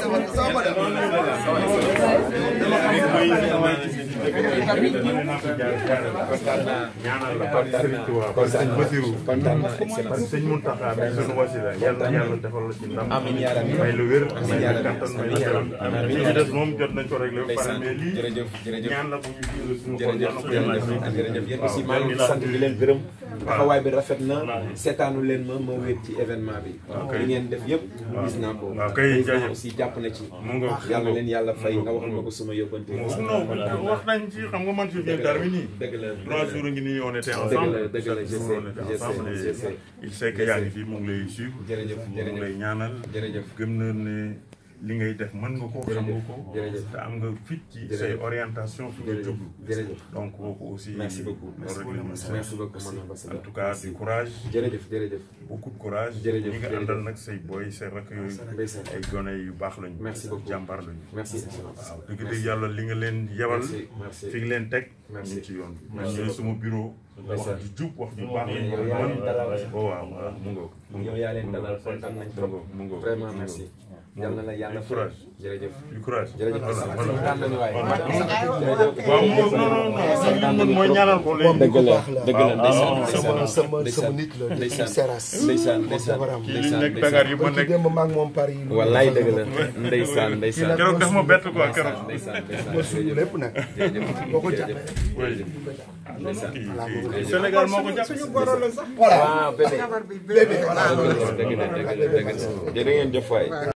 Somebody, somebody. amiin yaa rabbi may lu xam nga man fi bien tard nii. trois jours ngi nii on était ensemble. la dëgg la je sais il sait que yaa ngi lay suivre. jërëjëf lay ñaanal. jërëjëf gëm ne. li ngay def mën orientation donc aussi merci beaucoup merci beaucoup en tout cas courage beaucoup de courage nga wax ju jub wax ju baax lañ ko waaw waaw mu ngoog yow yaa leen dalal kontaan nañ trop mu ngoog vraiment merci yal na la yàlla courage jërëjëf courage jërëjëf kontaan nañu waaye waaw mu ngoog non non non li mën mooy ñaanal ko léegi dëgg la dëgg la ndeysaan sama sama sama nit la ndeysaan seras ndeysaan ndeysaan kii li nekk Dakar yi ma nekk démb maag moom Paris wallaay dëgg la ndeysaan ndeysaan keroog daf ma bett quoi keroog ndeysaan ndeysaan ma suñu lépp nag boo ko jàppee Sénégal moo ko jàpp suñu goro la sax. voilà ah, bébé bébé voilà loolu ah,